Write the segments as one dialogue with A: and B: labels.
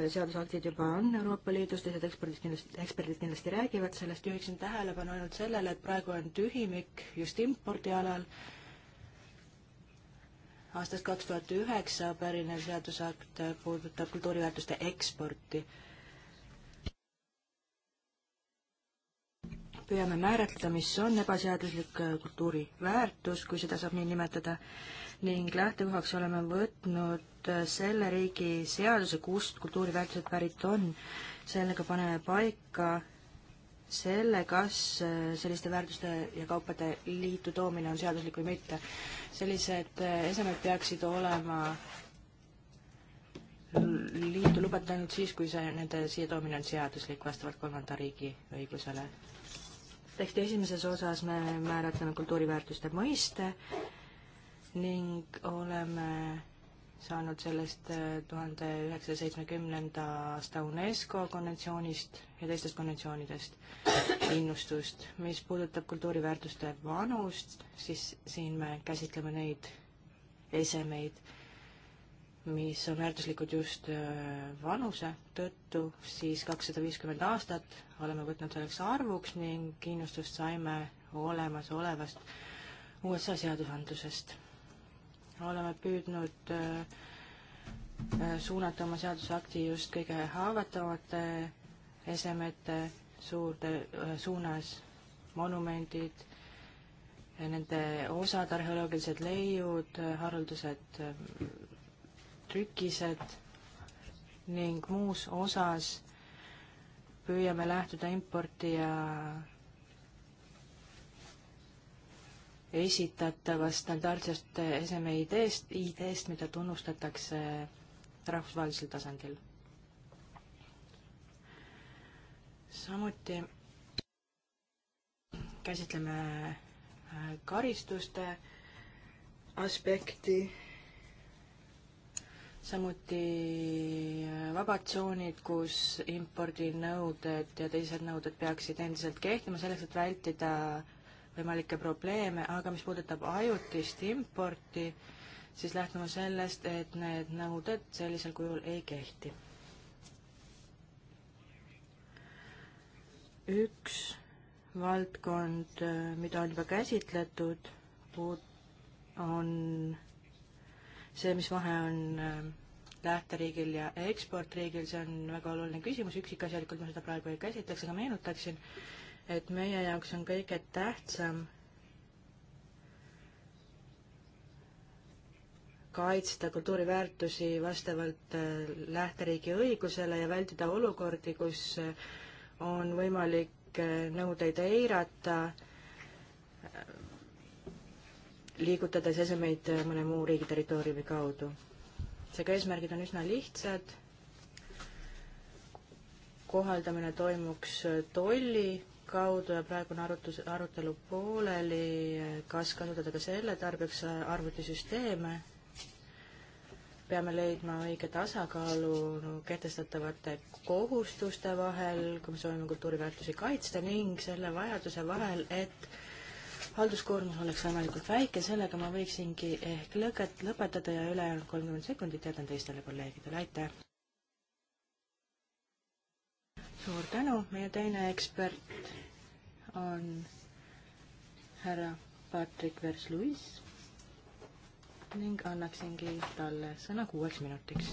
A: need seadusaktid juba on Euroopa Liidus, teised eksperdid kindlasti, eksperdid kindlasti räägivad sellest, juhiksin tähelepanu ainult sellele, et praegu on tühimik just impordi alal. aastast kaks tuhat üheksa pärinev seadusakt puudutab kultuuriväärtuste eksporti. püüame määratleda, mis on ebaseaduslik kultuuriväärtus, kui seda saab nii nimetada ning lähtekohaks oleme võtnud äh, selle riigi seaduse, kust kultuuriväärtused pärit on. sellega paneme paika selle, kas äh, selliste väärtuste ja kaupade liitu toomine on seaduslik või mitte. sellised äh, esemed peaksid olema liitu lubatud ainult siis, kui see, nende siia toomine on seaduslik vastavalt kolmanda riigi õigusele. teksti esimeses osas me määratleme kultuuriväärtuste mõiste ning oleme saanud sellest äh, tuhande üheksasaja seitsmekümnenda aasta UNESCO konventsioonist ja teistest konventsioonidest innustust. mis puudutab kultuuriväärtuste vanust, siis siin me käsitleme neid esemeid, mis on väärtuslikud just äh, vanuse tõttu, siis kakssada viiskümmend aastat oleme võtnud selleks arvuks ning innustust saime olemasolevast USA seadusandlusest oleme püüdnud äh, äh, suunata oma seadusakti just kõige haavatavate esemete suurde, äh, suunas, monumendid, nende osad, arheoloogilised leiud, haruldased trükised ning muus osas püüame lähtuda importi ja esitatavast standardsest eseme ID-st, ID-st, mida tunnustatakse rahvusvahelisel tasandil. samuti käsitleme äh, karistuste aspekti, samuti äh, vabad tsoonid, kus impordinõuded ja teised nõuded peaksid endiselt kehtima selleks, et vältida äh, võimalikke probleeme, aga mis puudutab ajutist importi, siis lähtuma sellest, et need nõuded sellisel kujul ei kehti. üks valdkond, mida on juba käsitletud, on see, mis vahe on ähm, lähteriigil ja eksportriigil, see on väga oluline küsimus, üksikasjalikult ma seda praegu ei käsitleks, aga meenutaksin, et meie jaoks on kõige tähtsam kaitsta kultuuriväärtusi vastavalt äh, lähteriigi õigusele ja vältida olukordi, kus äh, on võimalik äh, nõudeid eirata, liigutades esemeid mõne muu riigi territooriumi kaudu. seega eesmärgid on üsna lihtsad, kohaldamine toimuks tolli kaudu ja praegune arutus, arutelu pooleli, kas kasutada ka selle tarbeks arvutisüsteeme. peame leidma õige tasakaalu no, kehtestatavate kohustuste vahel, kui me soovime kultuuriväärtusi kaitsta ning selle vajaduse vahel, et halduskoormus oleks võimalikult väike, sellega ma võiksingi ehk lõket, lõpetada ja ülejäänud kolmkümmend sekundit jätan teistele kolleegidele, aitäh! suur tänu, meie teine ekspert on härra Patrick Vers-Louis ning annaksingi talle sõna kuueks minutiks.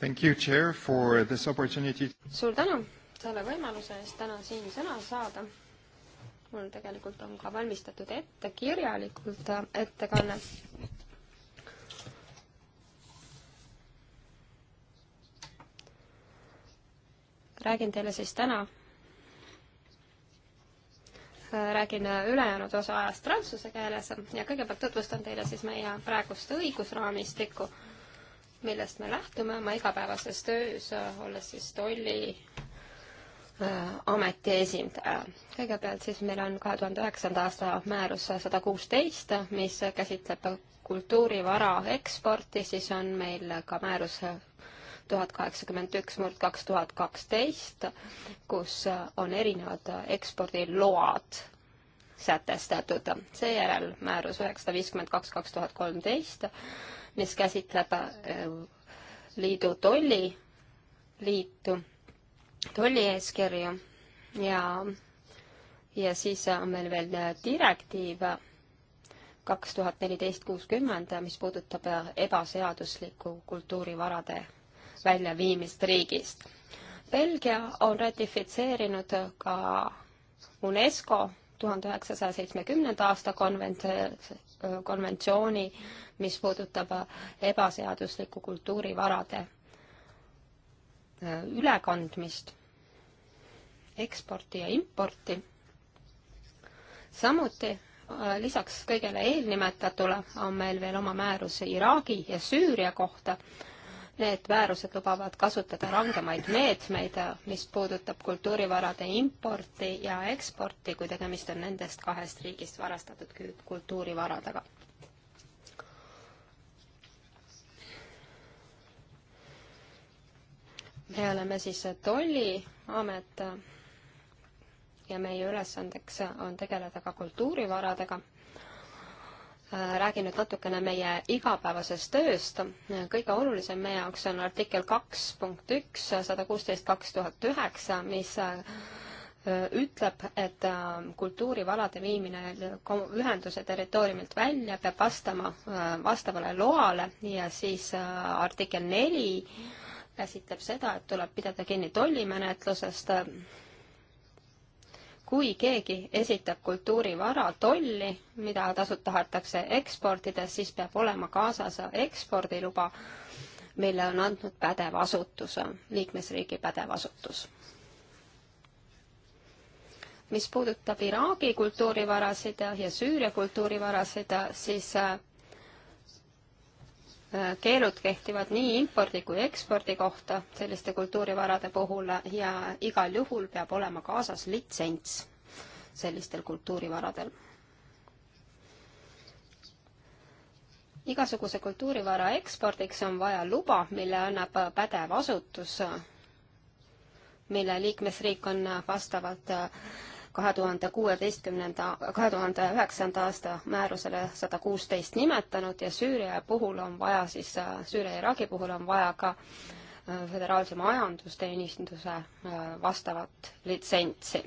A: Thank you, Chair, for this opportunity.
B: suur tänu selle võimaluse eest täna siin sõna saada. mul tegelikult on ka valmistatud ette kirjalikult ettekanne räägin teile siis täna, räägin ülejäänud osa ajast prantsuse keeles ja kõigepealt tutvustan teile siis meie praegust õigusraamistikku, millest me lähtume oma igapäevases töös, olles siis tolli äh, ameti esindaja. kõigepealt siis meil on kahe tuhande üheksanda aasta määrus sada kuusteist, mis käsitleb kultuurivara eksporti, siis on meil ka määrus tuhat kaheksakümmend üks murd kaks tuhat kaksteist, kus äh, on erinevad äh, ekspordiload sätestatud. seejärel määrus üheksasada viiskümmend kaks kaks tuhat kolmteist, mis käsitleb äh, liidu tolli, liitu, tollieeskirju ja, ja siis on meil veel direktiiv kaks tuhat neliteist kuuskümmend, mis puudutab ebaseaduslikku kultuurivarade väljaviimist riigist. Belgia on ratifitseerinud ka UNESCO tuhande üheksasaja seitsmekümnenda aasta konvents-, konventsiooni, mis puudutab ebaseaduslikku kultuurivarade äh, ülekandmist, eksporti ja importi. samuti äh, lisaks kõigele eelnimetatule on meil veel oma määrus Iraagi ja Süüria kohta Need määrused lubavad kasutada rangemaid meetmeid, mis puudutab kultuurivarade importi ja eksporti, kui tegemist on nendest kahest riigist varastatud kultuurivaradega. me oleme siis tolliamet ja meie ülesandeks on tegeleda ka kultuurivaradega Äh, räägin nüüd natukene meie igapäevasest tööst. kõige olulisem meie jaoks on artikkel kaks punkt üks, sada kuusteist kaks tuhat üheksa, mis äh, ütleb, et äh, kultuurivarade viimine ühenduse territooriumilt välja peab vastama vastavale loale ja siis artikkel neli käsitleb seda, et tuleb pidada kinni tollimenetlusest kui keegi esitab kultuurivara tolli, mida tasud tahetakse eksportida, siis peab olema kaasas ekspordiluba, mille on andnud pädev asutus, liikmesriigi pädev asutus. mis puudutab Iraagi kultuurivarasid ja Süüria kultuurivarasid, siis keelud kehtivad nii impordi kui ekspordi kohta selliste kultuurivarade puhul ja igal juhul peab olema kaasas litsents sellistel kultuurivaradel. igasuguse kultuurivara ekspordiks on vaja luba, mille annab pädev asutus, mille liikmesriik on vastavalt kahe tuhande kuueteistkümnenda, kahe tuhande üheksanda aasta määrusele sada kuusteist nimetanud ja Süüria puhul on vaja siis, Süüria ja Iraagi puhul on vaja ka äh, föderaalse majandusteenistuse äh, vastavat litsentsi.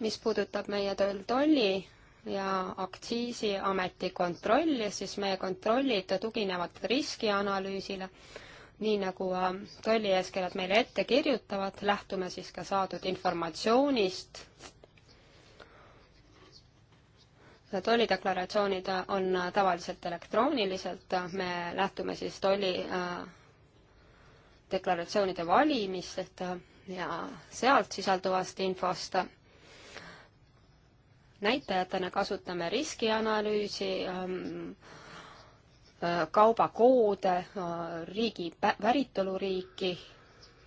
B: mis puudutab meie tööl tolli ja aktsiisiameti kontrolli, siis meie kontrollid tuginevad riskianalüüsile nii nagu tollieskirjad äh, meile ette kirjutavad, lähtume siis ka saadud informatsioonist. Äh, tollideklaratsioonid äh, on tavaliselt elektrooniliselt, me lähtume siis tolli deklaratsioonide valimistest ja sealt sisalduvast infost. näitajatena kasutame riskianalüüsi ähm,, kaubakoode, riigi päritoluriiki,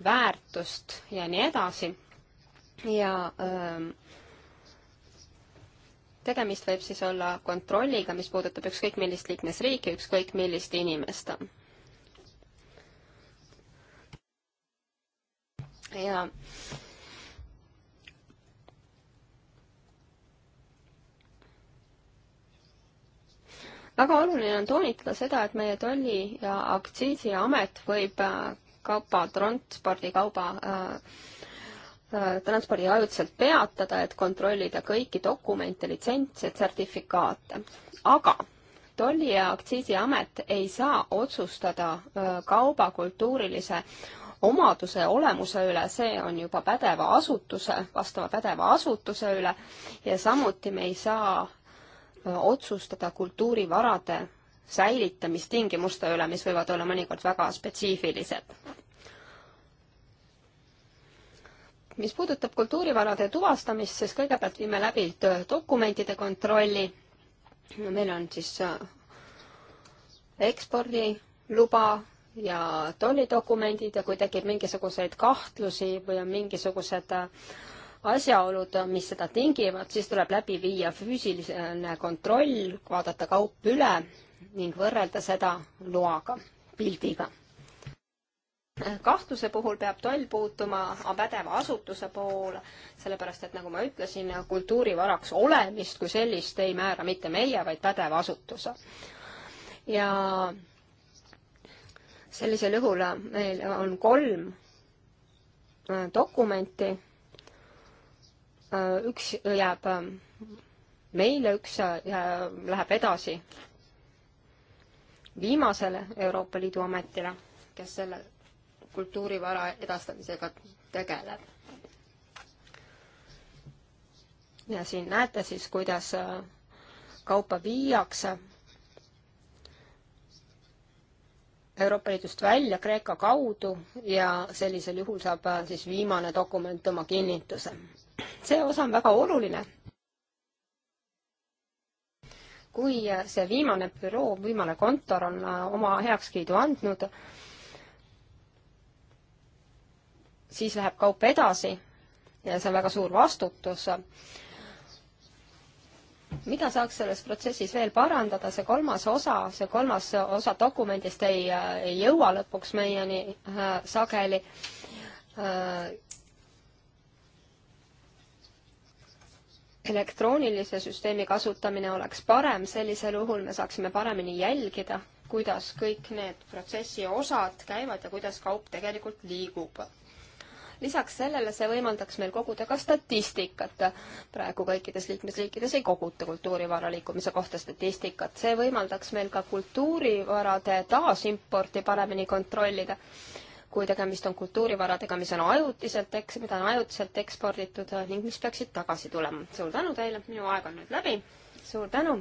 B: väärtust ja nii edasi. ja ähm, tegemist võib siis olla kontrolliga, mis puudutab ükskõik millist liikmesriiki, ükskõik millist inimest. ja äh, väga oluline on toonitada seda, et meie tolli- ja aktsiisiamet võib äh, kauba, transpordikauba äh, äh, transpordi ajutiselt peatada, et kontrollida kõiki dokumente, litsentse, sertifikaate. aga tolli- ja aktsiisiamet ei saa otsustada äh, kauba kultuurilise omaduse olemuse üle, see on juba pädeva asutuse, vastava pädeva asutuse üle ja samuti me ei saa otsustada kultuurivarade säilitamistingimuste üle, mis võivad olla mõnikord väga spetsiifilised. mis puudutab kultuurivarade tuvastamist, siis kõigepealt viime läbi dokumentide kontrolli. meil on siis äh, ekspordiluba ja tollidokumendid ja kui tekib mingisuguseid kahtlusi või on mingisugused äh, asjaolud, mis seda tingivad, siis tuleb läbi viia füüsiline kontroll, vaadata kaup üle ning võrrelda seda loaga, pildiga. kahtluse puhul peab toll puutuma pädeva asutuse poole, sellepärast et nagu ma ütlesin, kultuurivaraks olemist kui sellist ei määra mitte meie, vaid pädev asutus. ja sellisel juhul meil on kolm dokumenti Äh, üks jääb ähm, meile, üks äh, läheb edasi viimasele Euroopa Liidu ametile, kes selle kultuurivara edastamisega tegeleb. ja siin näete siis, kuidas äh, kaupa viiakse Euroopa Liidust välja Kreeka kaudu ja sellisel juhul saab siis viimane dokument oma kinnituse see osa on väga oluline. kui see viimane büroo, viimane kontor on äh, oma heakskiidu andnud, siis läheb kaup edasi ja see on väga suur vastutus mida saaks selles protsessis veel parandada, see kolmas osa, see kolmas osa dokumendist ei, äh, ei jõua lõpuks meieni äh, sageli äh,. elektroonilise süsteemi kasutamine oleks parem, sellisel juhul me saaksime paremini jälgida, kuidas kõik need protsessi osad käivad ja kuidas kaup tegelikult liigub. lisaks sellele see võimaldaks meil koguda ka statistikat. praegu kõikides liikmesriikides ei koguta kultuurivara liikumise kohta statistikat. see võimaldaks meil ka kultuurivarade taasimporti paremini kontrollida kui tegemist on kultuurivaradega, mis on ajutiselt eks-, mida on ajutiselt eksporditud äh, ning mis peaksid tagasi tulema. suur tänu teile, minu aeg on nüüd läbi, suur tänu!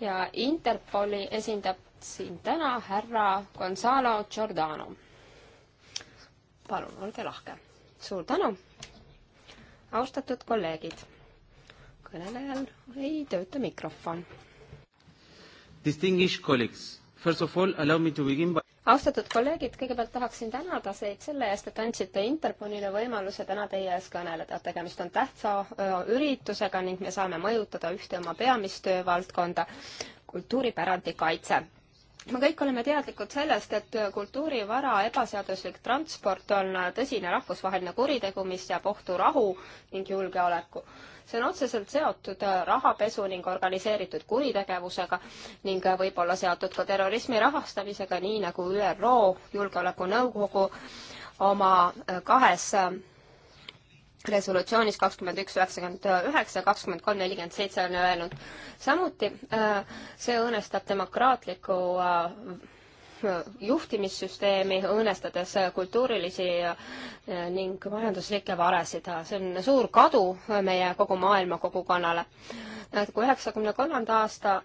B: ja Interpoli esindab siin täna härra Gonzalo Giordano. palun, olge lahke! suur tänu! austatud kolleegid, kõnelejal ei tööta mikrofon.
C: Distinguished colleagues, first of all allow me to begin by
B: austatud kolleegid, kõigepealt tahaksin tänada teid selle eest, et andsite Interpolile võimaluse täna teie ees kõneleda. tegemist on tähtsa üritusega ning me saame mõjutada ühte oma peamist töövaldkonda, kultuuripärandi kaitse me kõik oleme teadlikud sellest, et kultuurivara ebaseaduslik transport on tõsine rahvusvaheline kuritegu, mis seab ohtu rahu ning julgeoleku. see on otseselt seotud rahapesu ning organiseeritud kuritegevusega ning võib olla seotud ka terrorismi rahastamisega, nii nagu ÜRO Julgeolekunõukogu oma kahes resolutsioonis kakskümmend üks, üheksakümmend üheksa, kakskümmend kolm, nelikümmend seitse on öelnud samuti, äh, see õõnestab demokraatlikku äh, juhtimissüsteemi, õõnestades äh, kultuurilisi ning majanduslikke varesid. see on suur kadu meie kogu maailma kogukonnale. kui üheksakümne kolmanda aasta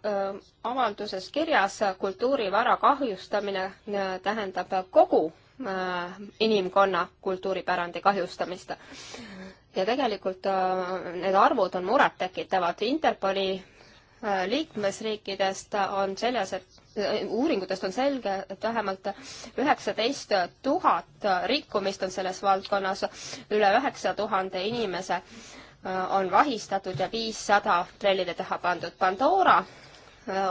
B: avalduses kirjas kultuurivara kahjustamine tähendab kogu Äh, inimkonna kultuuripärandi kahjustamist. ja tegelikult äh, need arvud on murettekitavad. Interpoli äh, liikmesriikidest on seljas, et uuringutest on selge, et vähemalt üheksateist tuhat rikkumist on selles valdkonnas, üle üheksa tuhande inimese on vahistatud ja viissada trellide taha pandud. Pandora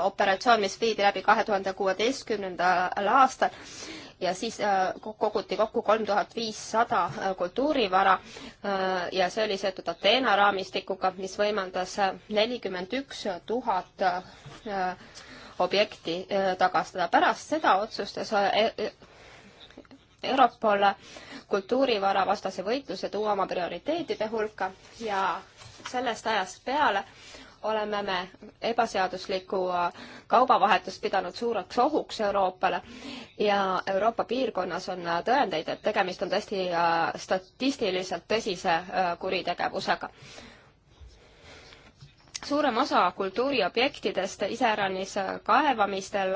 B: operatsioon, mis viidi läbi kahe tuhande kuueteistkümnendal aastal, ja siis äh, koguti kokku kolm tuhat viissada äh, kultuurivara äh, ja see oli seotud Ateena raamistikuga, mis võimaldas nelikümmend üks tuhat objekti tagastada. pärast seda otsustas e-, e-, Europol kultuurivara vastase võitluse tuua oma prioriteetide hulka ja sellest ajast peale oleme me ebaseaduslikku kaubavahetust pidanud suureks ohuks Euroopale ja Euroopa piirkonnas on tõendeid, et tegemist on tõesti äh, statistiliselt tõsise äh, kuritegevusega suurem osa kultuuriobjektidest iseäranis äh, kaevamistel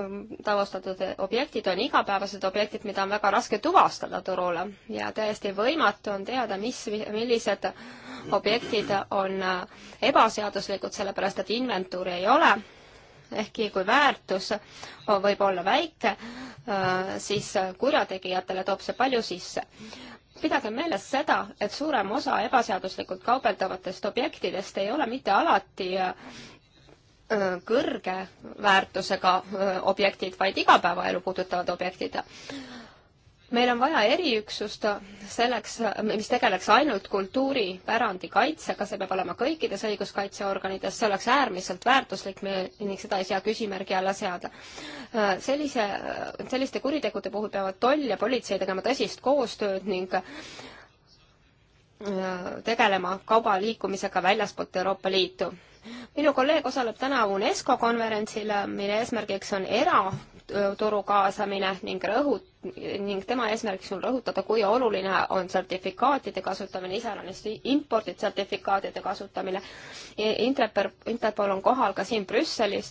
B: Ähm, tavastatud objektid on igapäevased objektid, mida on väga raske tuvastada turule ja täiesti võimatu on teada, mis, millised objektid on äh, ebaseaduslikud, sellepärast et inventuuri ei ole. ehkki kui väärtus võib olla väike, äh, siis kurjategijatele toob see palju sisse pidage meeles seda, et suurem osa ebaseaduslikult kaubeldavatest objektidest ei ole mitte alati äh, Äh, kõrge väärtusega äh, objektid, vaid igapäevaelu puudutavad objektid. meil on vaja eriüksust selleks, mis tegeleks ainult kultuuripärandi kaitsega, see peab olema kõikides õiguskaitseorganites, see oleks äärmiselt väärtuslik ning seda ei saa küsimärgi alla seada. Äh, sellise, selliste kuritegude puhul peavad toll ja politsei tegema tõsist koostööd ning tegelema kauba liikumisega väljaspoolt Euroopa Liitu minu kolleeg osaleb täna UNESCO konverentsil, mille eesmärgiks on eraturu kaasamine ning rõhut-, ning tema eesmärgiks on rõhutada, kui oluline on sertifikaatide kasutamine, iseäranis impordid sertifikaatide kasutamine. Interpol, Interpol on kohal ka siin Brüsselis,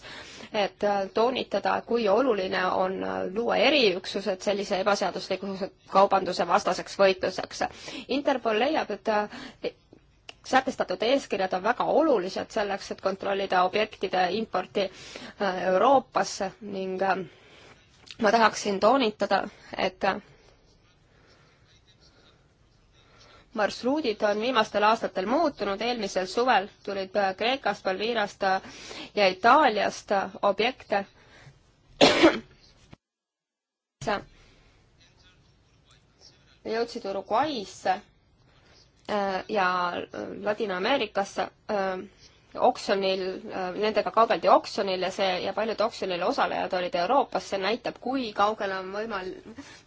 B: et toonitada, kui oluline on luua eriüksused sellise ebaseadusliku kaubanduse vastaseks võitluseks. Interpol leiab, et sätestatud eeskirjad on väga olulised selleks, et kontrollida objektide importi äh, Euroopasse ning ähm, ma tahaksin toonitada, et äh, marsruudid on viimastel aastatel muutunud, eelmisel suvel tulid äh, Kreekast, Valvirast ja Itaaliast objekte. jõudsid Uruguay'sse Äh, ja äh, Ladina-Ameerikasse. Äh, oksjonil, nendega kaubeldi oksjonil ja see ja paljud oksjonil osalejad olid Euroopas, see näitab, kui kaugele on võimal-,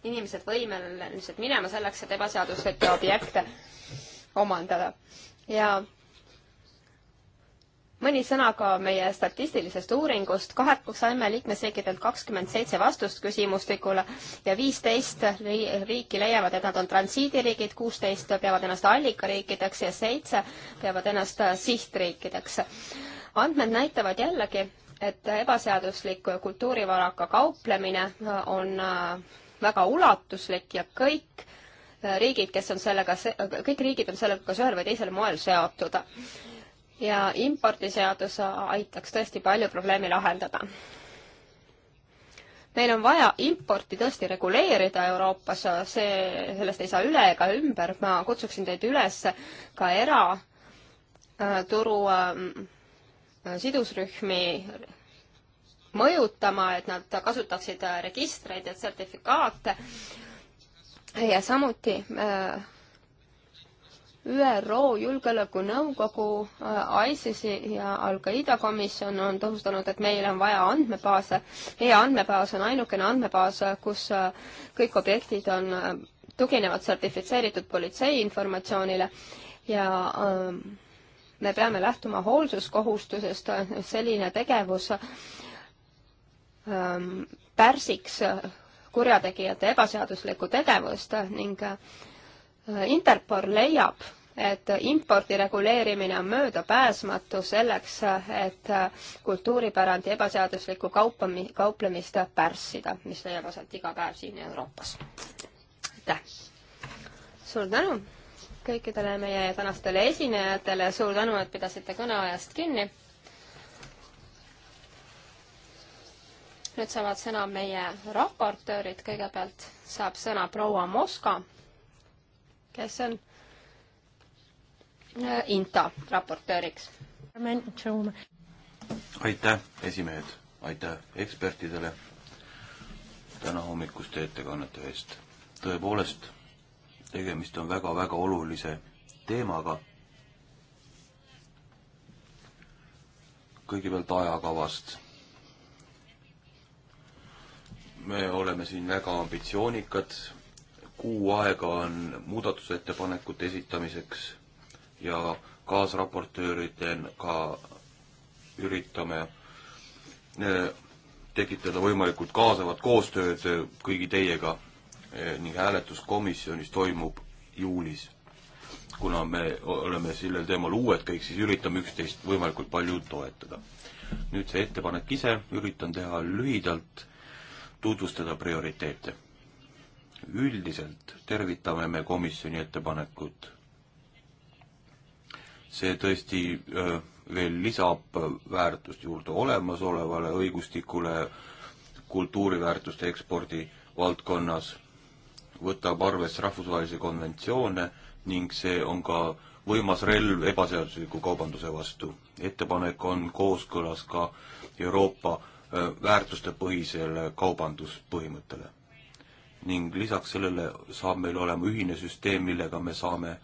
B: inimesed võimelised minema selleks, et ebaseaduslikke objekte omandada. ja mõni sõna ka meie statistilisest uuringust. kahekord saime liikmesriikidelt kakskümmend seitse vastust küsimustikule ja viisteist riiki leiavad, et nad on transiidiriigid, kuusteist peavad ennast allikariikideks ja seitse peavad ennast sihtriikideks. andmed näitavad jällegi, et ebaseaduslik kultuurivaraga kauplemine on äh, väga ulatuslik ja kõik äh, riigid, kes on sellega, kõik riigid on sellega kas ühel või teisel moel seotud ja impordiseadus aitaks tõesti palju probleemi lahendada. meil on vaja importi tõesti reguleerida Euroopas, see, sellest ei saa üle ega ümber, ma kutsuksin teid üles ka eraturu äh, äh, sidusrühmi mõjutama, et nad kasutaksid registreid ja sertifikaate ja samuti äh, ÜRO Julgeolekunõukogu, ISISi äh, ja Al-Qaeda komisjon on tõhustanud, et meil on vaja andmebaase. meie andmebaas on ainukene andmebaas, kus äh, kõik objektid on, äh, tuginevad sertifitseeritud politsei informatsioonile ja me peame lähtuma hoolsuskohustusest, selline tegevus pärsiks kurjategijate ebaseaduslikku tegevust ning äh, Interpol leiab, et impordi reguleerimine on möödapääsmatu selleks, et kultuuripärandi ebaseaduslikku kaupami-, kauplemist pärssida, mis leiab aset iga päev siin Euroopas. aitäh! suur tänu kõikidele meie tänastele esinejatele, suur tänu, et pidasite kõneajast kinni. nüüd saavad sõna meie raportöörid, kõigepealt saab sõna proua Moska kes on äh, INTA raportööriks.
C: aitäh, esimehed, aitäh ekspertidele täna hommikuste ettekannete eest. tõepoolest, tegemist on väga-väga olulise teemaga. kõigepealt ajakavast. me oleme siin väga ambitsioonikad kuu aega on muudatusettepanekute esitamiseks ja kaasraportööridena ka üritame e, tekitada võimalikult kaasavat koostööd kõigi teiega e, ning hääletus komisjonis toimub juulis. kuna me oleme sellel teemal uued kõik, siis üritame üksteist võimalikult palju toetada. nüüd see ettepanek ise, üritan teha lühidalt, tutvustada prioriteete üldiselt tervitame me komisjoni ettepanekut. see tõesti veel lisab väärtust juurde olemasolevale õigustikule kultuuriväärtuste ekspordi valdkonnas, võtab arvesse rahvusvahelisi konventsioone ning see on ka võimas relv ebaseadusliku kaubanduse vastu. ettepanek on kooskõlas ka Euroopa väärtustepõhisele kaubanduspõhimõttele ning lisaks sellele saab meil olema ühine süsteem, millega me saame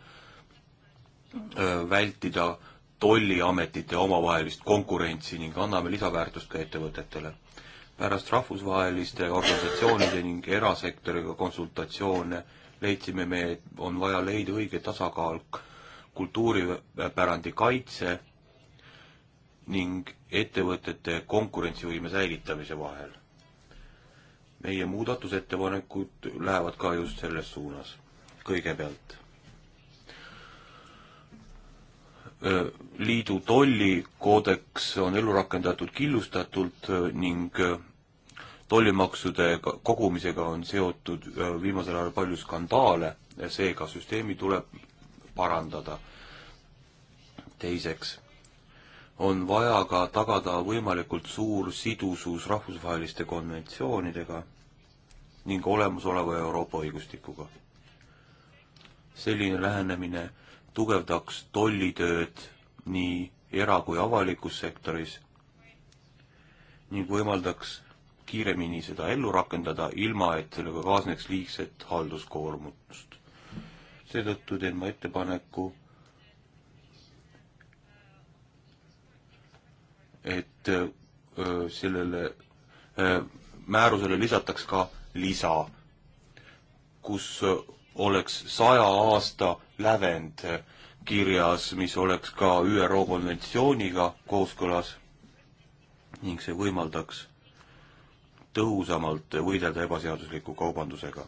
C: vältida tolliametite omavahelist konkurentsi ning anname lisaväärtust ka ettevõtetele. pärast rahvusvaheliste organisatsioonide ning erasektoriga konsultatsioone leidsime me, et on vaja leida õige tasakaal kultuuripärandi kaitse ning ettevõtete konkurentsivõime säilitamise vahel meie muudatusettepanekud lähevad ka just selles suunas. kõigepealt liidu tollikoodeks on ellu rakendatud killustatult ning tollimaksude kogumisega on seotud viimasel ajal palju skandaale, seega süsteemi tuleb parandada. teiseks on vaja ka tagada võimalikult suur sidusus rahvusvaheliste konventsioonidega ning olemasoleva Euroopa õigustikuga. selline lähenemine tugevdaks tollitööd nii era- kui avalikus sektoris ning võimaldaks kiiremini seda ellu rakendada, ilma et sellega kaasneks liigset halduskoormust. seetõttu teen ma ettepaneku et äh, sellele äh, määrusele lisataks ka lisa, kus äh, oleks saja aasta lävend kirjas, mis oleks ka ÜRO konventsiooniga kooskõlas ning see võimaldaks tõhusamalt võidelda ebaseadusliku kaubandusega.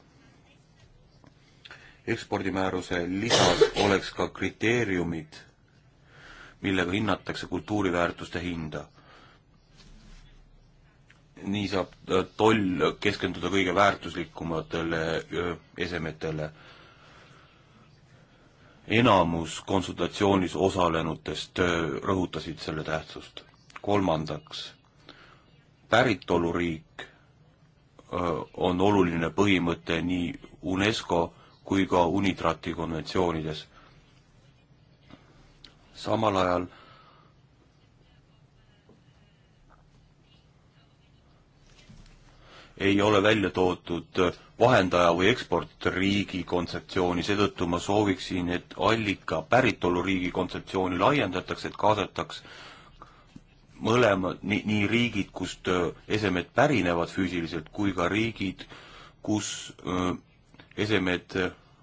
C: ekspordimääruse lisas oleks ka kriteeriumid millega hinnatakse kultuuriväärtuste hinda. nii saab äh, toll keskenduda kõige väärtuslikumatele äh, esemetele. enamus konsultatsioonis osalenutest äh, rõhutasid selle tähtsust. kolmandaks, päritoluriik on oluline põhimõte nii UNESCO kui ka UNITRAT-i konventsioonides samal ajal ei ole välja toodud vahendaja või eksportriigi kontseptsiooni, seetõttu ma sooviksin, et allika päritoluriigi kontseptsiooni laiendatakse, et kaasataks mõlemad, nii, nii riigid, kust äh, esemed pärinevad füüsiliselt, kui ka riigid, kus öö, äh, esemed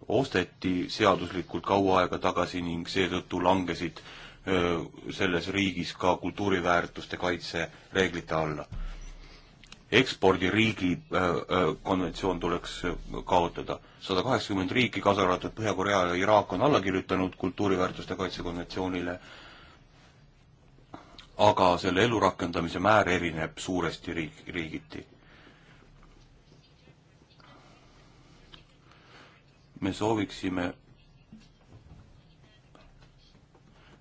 C: osteti seaduslikult kaua aega tagasi ning seetõttu langesid öö, selles riigis ka kultuuriväärtuste kaitse reeglite alla. ekspordiriigi konventsioon tuleks kaotada. sada kaheksakümmend riiki, kaasa arvatud Põhja-Korea ja Iraak, on alla kirjutanud kultuuriväärtuste kaitse konventsioonile, aga selle elurakendamise määr erineb suuresti riik, riigiti me sooviksime,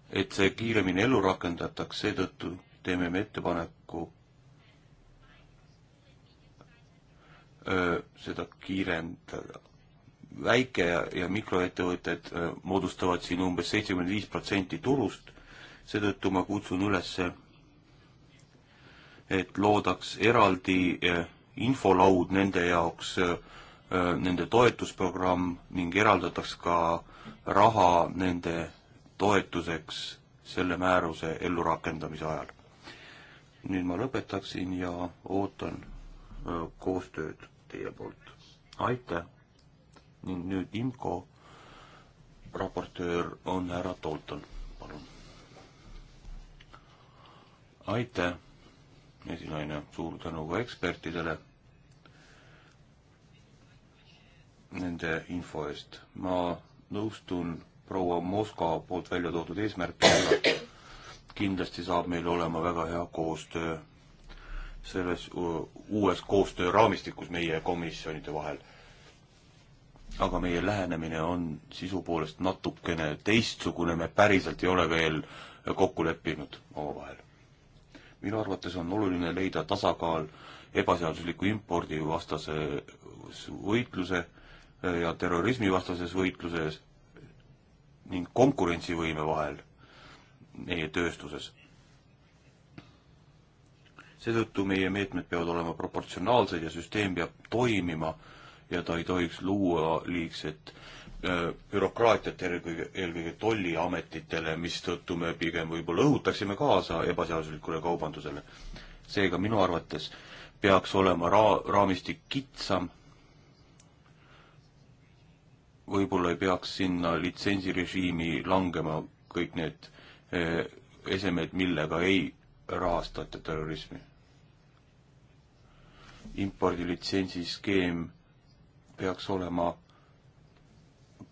C: et see kiiremini ellu rakendataks, seetõttu teeme me ettepaneku öö, seda kiirendada. väike- ja, ja mikroettevõtted öö, moodustavad siin umbes seitsekümmend viis protsenti turust, seetõttu ma kutsun üles, et loodaks eraldi öö, infolaud nende jaoks öö, Äh, nende toetusprogramm ning eraldataks ka raha nende toetuseks selle määruse ellurakendamise ajal. nüüd ma lõpetaksin ja ootan äh, koostööd teie poolt. aitäh! ning nüüd IMCO raportöör on härra Tolton, palun. aitäh, esinaine, suur tänu ka ekspertidele nende info eest. ma nõustun proua Moskva poolt välja toodud eesmärkidega. kindlasti saab meil olema väga hea koostöö selles uues koostööraamistikus meie komisjonide vahel. aga meie lähenemine on sisu poolest natukene teistsugune, me päriselt ei ole veel kokku leppinud omavahel. minu arvates on oluline leida tasakaal ebaseadusliku impordi vastase võitluse ja terrorismivastases võitluses ning konkurentsivõime vahel meie tööstuses. seetõttu meie meetmed peavad olema proportsionaalsed ja süsteem peab toimima ja ta ei tohiks luua liigset äh, bürokraatiat eelkõige, eelkõige tolliametitele, mistõttu me pigem võib-olla õhutaksime kaasa ebaseaduslikule kaubandusele. seega minu arvates peaks olema raa-, raamistik kitsam võib-olla ei peaks sinna litsentsirežiimi langema kõik need eh, esemed, millega ei rahastata terrorismi. impordilitsentsi skeem peaks olema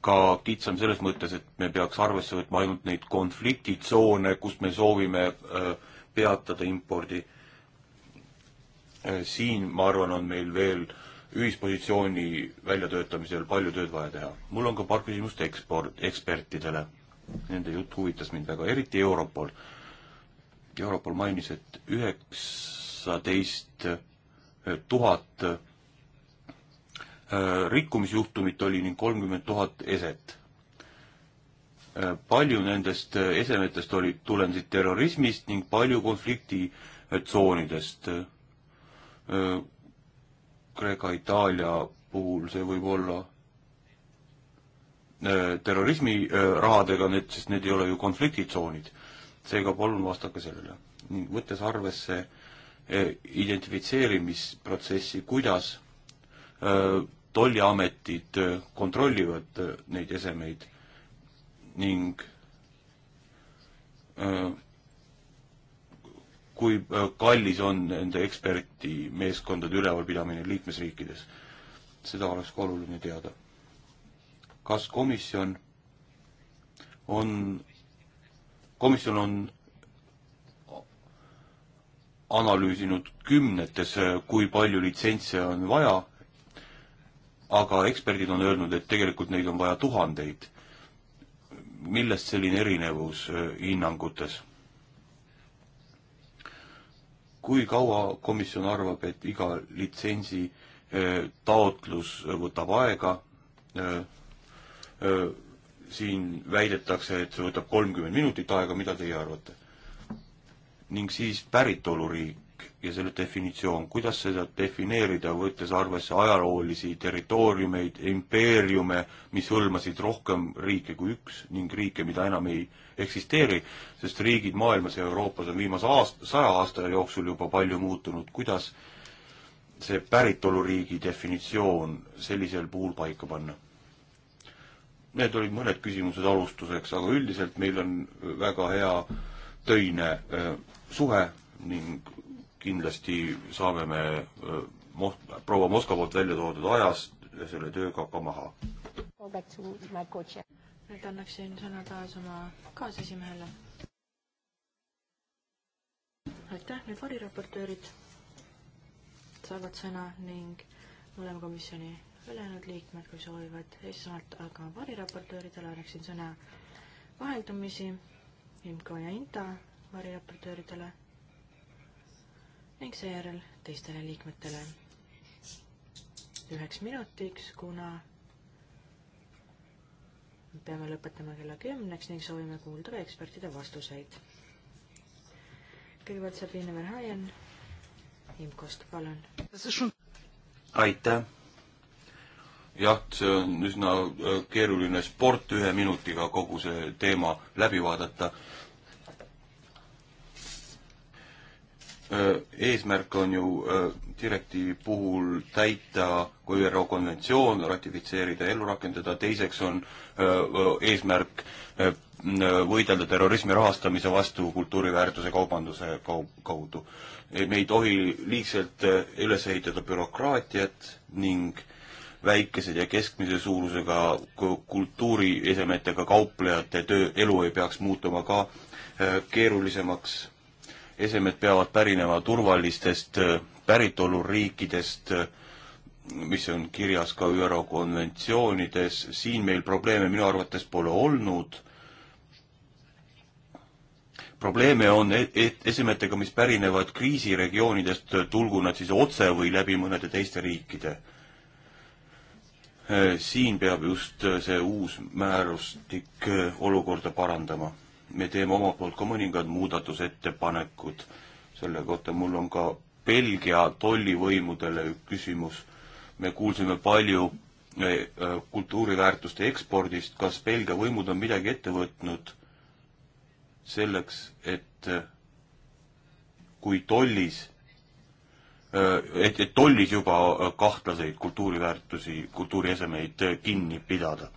C: ka kitsam selles mõttes, et me peaks arvesse võtma ainult neid konfliktitsoone, kust me soovime eh, peatada impordi. Eh, siin, ma arvan, on meil veel äh, ühispositsiooni väljatöötamisel palju tööd vaja teha. mul on ka paar küsimust eksport, ekspertidele. Nende jutt huvitas mind väga, eriti Europol. Europol mainis, et üheksateist eh, tuhat eh, rikkumisjuhtumit oli ning kolmkümmend tuhat eset. Eh, palju nendest esemetest olid, tulenesid terrorismist ning palju konfliktitsoonidest Kreeka, Itaalia puhul see võib olla äh, terrorismi äh, rahadega, need, sest need ei ole ju konfliktitsoonid. seega palun vastake sellele. ning võttes arvesse äh, identifitseerimisprotsessi, kuidas tolliametid kontrollivad neid esemeid ning öö, kui äh, kallis on nende ekspertimeeskondade ülevalpidamine liikmesriikides. seda oleks ka oluline teada. kas komisjon on, komisjon on analüüsinud kümnetes, äh, kui palju litsentse on vaja, aga eksperdid on öelnud, et tegelikult neid on vaja tuhandeid. millest selline erinevus äh, hinnangutes? kui kaua komisjon arvab, et iga litsentsi äh, taotlus võtab aega? Äh, äh, siin väidetakse, et see võtab kolmkümmend minutit aega, mida teie arvate? ning siis päritoluriik ja selle definitsioon, kuidas seda defineerida, võttes arvesse ajaloolisi territooriumeid, impeeriume, mis hõlmasid rohkem riike kui üks ning riike, mida enam ei eksisteeri, sest riigid maailmas ja Euroopas on viimase aast-, saja aasta jooksul juba palju muutunud, kuidas see päritoluriigi definitsioon sellisel puhul paika panna? Need olid mõned küsimused alustuseks, aga üldiselt meil on väga hea töine äh, suhe ning kindlasti saame me Mos-, proua Moskva poolt välja toodud ajas selle tööga ka maha.
A: nüüd annaksin sõna taas oma kaasesimehele. aitäh, nüüd variraportöörid saavad sõna ning mõlemakomisjoni ülejäänud liikmed, kui soovivad, esmalt aga variraportööridele annaksin sõna vaheldumisi, IMCO ja INTA variraportööridele ning seejärel teistele liikmetele üheks minutiks, kuna peame lõpetama kella kümneks ning soovime kuulda ka ekspertide vastuseid. kõigepealt Sabine Verhaien IMCO-st, palun.
C: aitäh jah, see on üsna äh, keeruline sport ühe minutiga kogu see teema läbi vaadata. eesmärk on ju direktiivi puhul täita kui ÜRO konventsioon, ratifitseerida, ellu rakendada, teiseks on eesmärk võidelda terrorismi rahastamise vastu kultuuriväärtuse kaubanduse kaudu. E, me ei tohi liigselt üles ehitada bürokraatiat ning väikesed ja keskmise suurusega kultuuriesemetega kauplejate töö, elu ei peaks muutuma ka keerulisemaks esemed peavad pärinema turvalistest äh, päritoluriikidest, äh, mis on kirjas ka ÜRO konventsioonides, siin meil probleeme minu arvates pole olnud. probleeme on e-, e-, esemetega, mis pärinevad kriisiregioonidest, äh, tulgu nad siis otse või läbi mõnede teiste riikide siin peab just see uus määrustik olukorda parandama me teeme omalt poolt ka mõningad muudatusettepanekud selle kohta. mul on ka Belgia tollivõimudele küsimus. me kuulsime palju eh, eh, kultuuriväärtuste ekspordist, kas Belgia võimud on midagi ette võtnud selleks, et eh, kui tollis, et, et tollis juba kahtlaseid kultuuriväärtusi, kultuuriesemeid kinni pidada.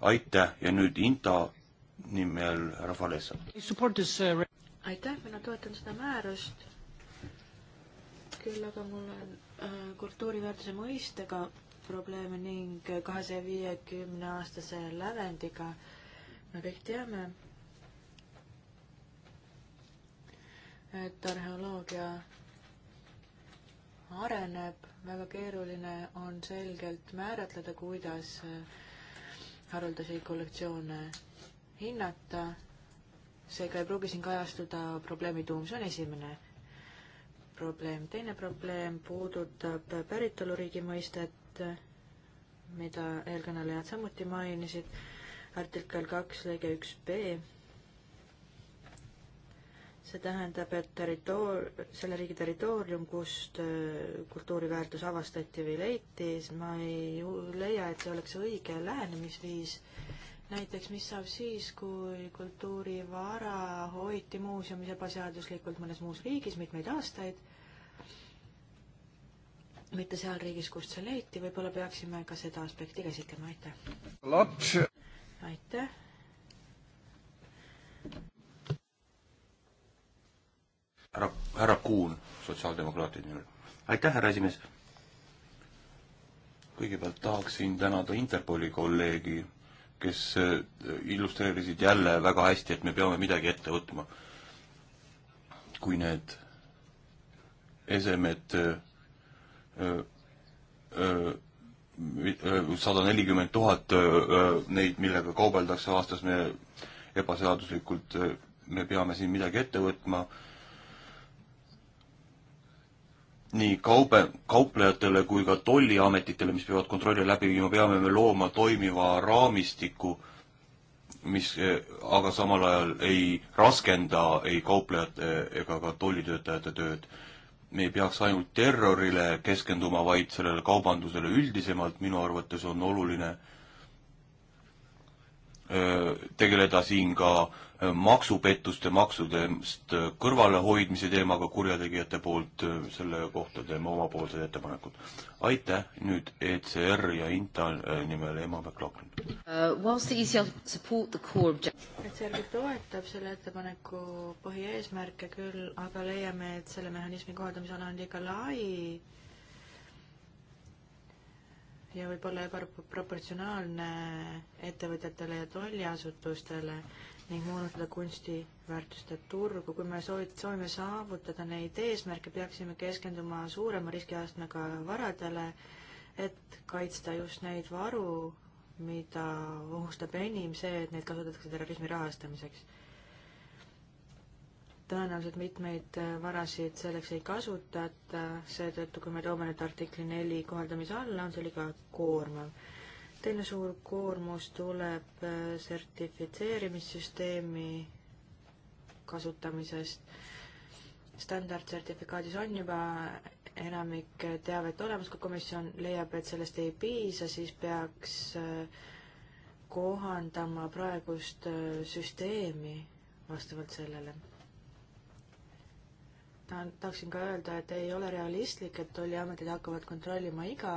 C: aitäh ja nüüd Inta nimel härra Valesa.
A: aitäh, mina toetan seda määrust. küll aga mul on äh, kultuuriväärtuse mõistega probleeme ning kahesaja viiekümne aastase lävendiga. me nagu kõik teame, et arheoloogia areneb, väga keeruline on selgelt määratleda, kuidas äh, haruldasi kollektsioone hinnata, seega ei pruugi siin kajastuda probleemi tuum, see on esimene probleem. teine probleem puudutab päritoluriigi mõistet, mida eelkõnelejad samuti mainisid, artikkel kaks lõige üks B. see tähendab, et territoor-, selle riigi territoorium, kust äh, kultuuriväärtus avastati või leiti, ma ei leia, et see oleks õige lähenemisviis äh, näiteks, mis saab siis, kui kultuurivara hoiti muuseumis ebaseaduslikult mõnes muus riigis mitmeid aastaid, mitte seal riigis, kust see leiti, võib-olla peaksime ka seda aspekti käsitlema, aitäh. aitäh.
C: härra, härra Kuun, sotsiaaldemokraatide nimel. aitäh, härra esimees. kõigepealt tahaksin tänada Interpoli kolleegi kes eh, illustreerisid jälle väga hästi, et me peame midagi ette võtma. kui need esemed eh, eh, sada nelikümmend tuhat neid, millega kaubeldakse aastas me ebaseaduslikult, me peame siin midagi ette võtma nii kaube, kauplejatele kui ka tolliametitele, mis peavad kontrolli läbi viima, peame me looma toimiva raamistiku, mis eh, aga samal ajal ei raskenda ei kauplejate eh, ega ka tollitöötajate tööd. me ei peaks ainult terrorile keskenduma, vaid sellele kaubandusele üldisemalt, minu arvates on oluline äh, tegeleda siin ka äh, maksupettuste, maksudest äh, kõrvalehoidmise teemaga kurjategijate poolt, äh, selle kohta teeme omapoolsed ettepanekud. aitäh, nüüd ECR ja INTA nimel Emma McLaughlin
B: uh,. E ECR e
A: toetab selle ettepaneku põhieesmärke küll, aga leiame, et selle mehhanismi kohaldamise ala on liiga lai ja võib-olla ebaproportsionaalne ettevõtjatele ja tolliasutustele ning moonutada kunstiväärtuste turgu. kui me soovid, soovime saavutada neid eesmärke, peaksime keskenduma suurema riskiastmega varadele, et kaitsta just neid varu, mida ohustab enim see, et neid kasutatakse terrorismi rahastamiseks tõenäoliselt mitmeid äh, varasid selleks ei kasutata, seetõttu kui me toome nüüd artikli neli kohaldamise alla, on see liiga koormav. teine suur koormus tuleb äh, sertifitseerimissüsteemi kasutamisest. standardsertifikaadis on juba enamik äh, teavet olemas, kui komisjon leiab, et sellest ei piisa, siis peaks kohandama praegust süsteemi vastavalt sellele tahan, tahaksin ka öelda, et ei ole realistlik, et tolliametid hakkavad kontrollima iga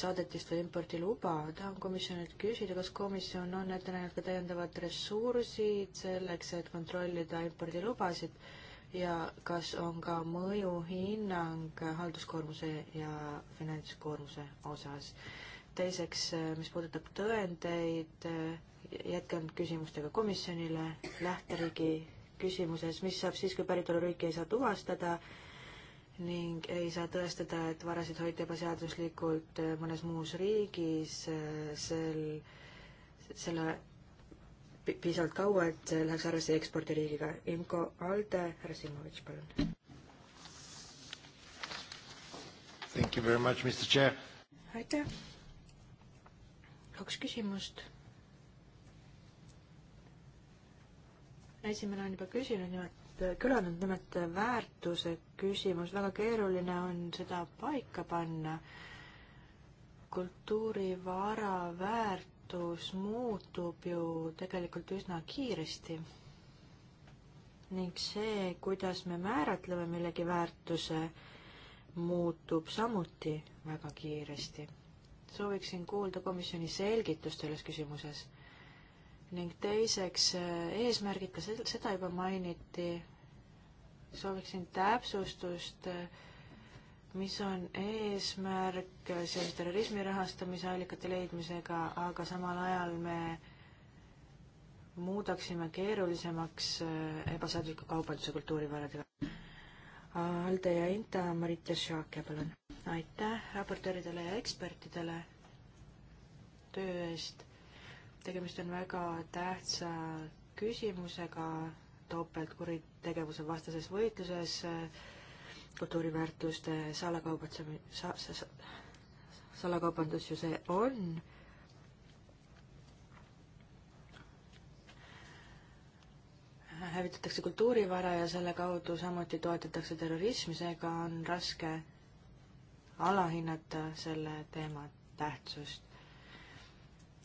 A: saadetist või impordiluba. tahan komisjonilt küsida, kas komisjon on ette näinud ka täiendavad ressursid selleks, et kontrollida impordilubasid ja kas on ka mõjuhinnang halduskoormuse ja finantskoormuse osas? teiseks, mis puudutab tõendeid, jätkan küsimustega komisjonile, lähteriigi küsimuses, mis saab siis, kui päritoluriiki ei saa tuvastada ning ei saa tõestada, et varasid hoiti ebaseaduslikult äh, mõnes muus riigis äh, sel, selle piisavalt kaua, et see läheks arvesse ekspordiriigiga. Imko Alde, härra Simovitš, palun. Thank you very much, Mr Chair. aitäh. kaks küsimust esimene on juba küsinud nimelt, äh, kõlanud nimelt äh, väärtuse küsimus, väga keeruline on seda paika panna. kultuurivara väärtus muutub ju tegelikult üsna kiiresti. ning see, kuidas me määratleme millegi väärtuse, muutub samuti väga kiiresti. sooviksin kuulda komisjoni selgitust selles küsimuses ning teiseks eh, eesmärgid, ka seda juba mainiti, sooviksin täpsustust, eh, mis on eesmärk seoses terrorismi rahastamise allikate leidmisega, aga samal ajal me muudaksime keerulisemaks eh, ebaseadusliku kaubanduse kultuurivaradega. Alde ja Inta, Marit ja Šaake, palun. aitäh raportööridele ja ekspertidele töö eest tegemist on väga tähtsa küsimusega topeltkuritegevuse vastases võitluses, äh, kultuuriväärtuste salakaubatsemine sa,, sa, salakaubandus ju see on hävitatakse kultuurivara ja selle kaudu samuti toetatakse terrorismi, seega on raske alahinnata selle teema tähtsust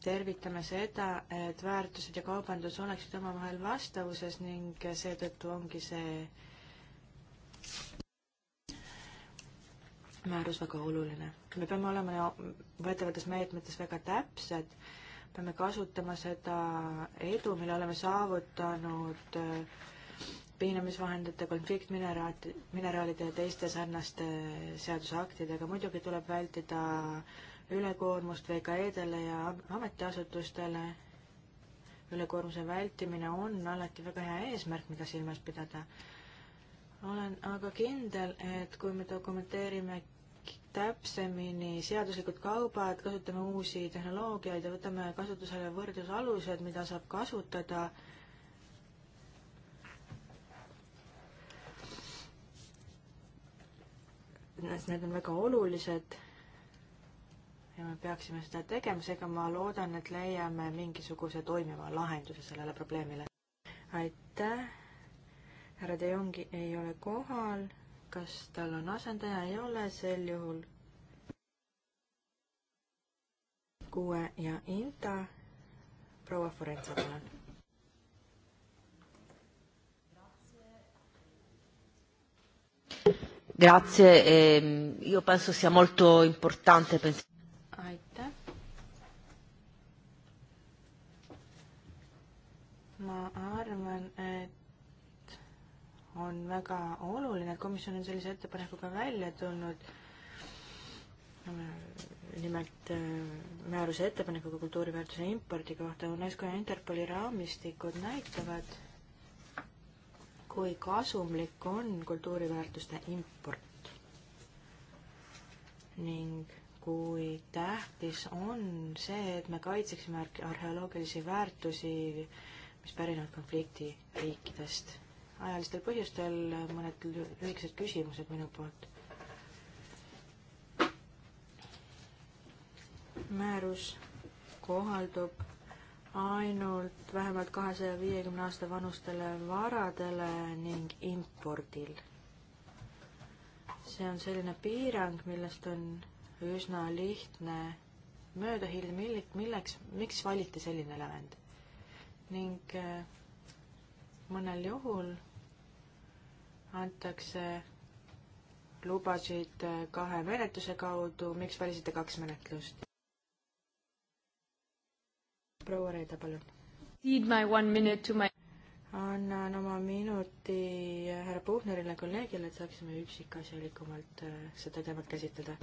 A: tervitame seda, et väärtused ja kaubandus oleksid omavahel vastavuses ning seetõttu ongi see määrus väga oluline. me peame olema võetavates meetmetes väga täpsed, peame kasutama seda edu, mille oleme saavutanud äh, piinamisvahendite, konfliktmineraat-, mineraalide ja teiste sarnaste seadusaktidega, muidugi tuleb vältida äh, ülekoormust VKE-dele ja ametiasutustele. ülekoormuse vältimine on alati väga hea eesmärk, mida silmas pidada. olen aga kindel, et kui me dokumenteerime täpsemini seaduslikud kaubad, kasutame uusi tehnoloogiaid ja võtame kasutusele võrdlusalused, mida saab kasutada need on väga olulised ja me peaksime seda tegema, seega ma loodan, et leiame mingisuguse toimiva lahenduse sellele probleemile. aitäh, härra De Jongi ei ole kohal, kas tal on asendaja, ei ole, sel juhul kuue ja Inta, proua Forenza, palun Grazie, eh, io penso sia molto importante pensare. arvan, et on väga oluline, et komisjon on sellise ettepanekuga välja tulnud, nimelt äh, määruse ettepanekuga kultuuriväärtuse impordi kohta UNESCO ja Interpoli raamistikud näitavad, kui kasumlik on kultuuriväärtuste import ning kui tähtis on see, et me kaitseksime arheoloogilisi väärtusi mis pärinevad konflikti riikidest. ajalistel põhjustel mõned lühikesed küsimused minu poolt. määrus kohaldub ainult vähemalt kahesaja viiekümne aasta vanustele varadele ning impordil. see on selline piirang, millest on üsna lihtne mööda hiilida, milleks, milleks, miks valiti selline lävend? ning äh, mõnel juhul antakse lubasid äh, kahe menetluse kaudu, miks valisite kaks menetlust? proua Reeda, palun. Need my one minute to my annan oma minuti äh, härra Puhnerile, kolleegile, et saaksime üksikasjalikumalt seda teemat käsitleda.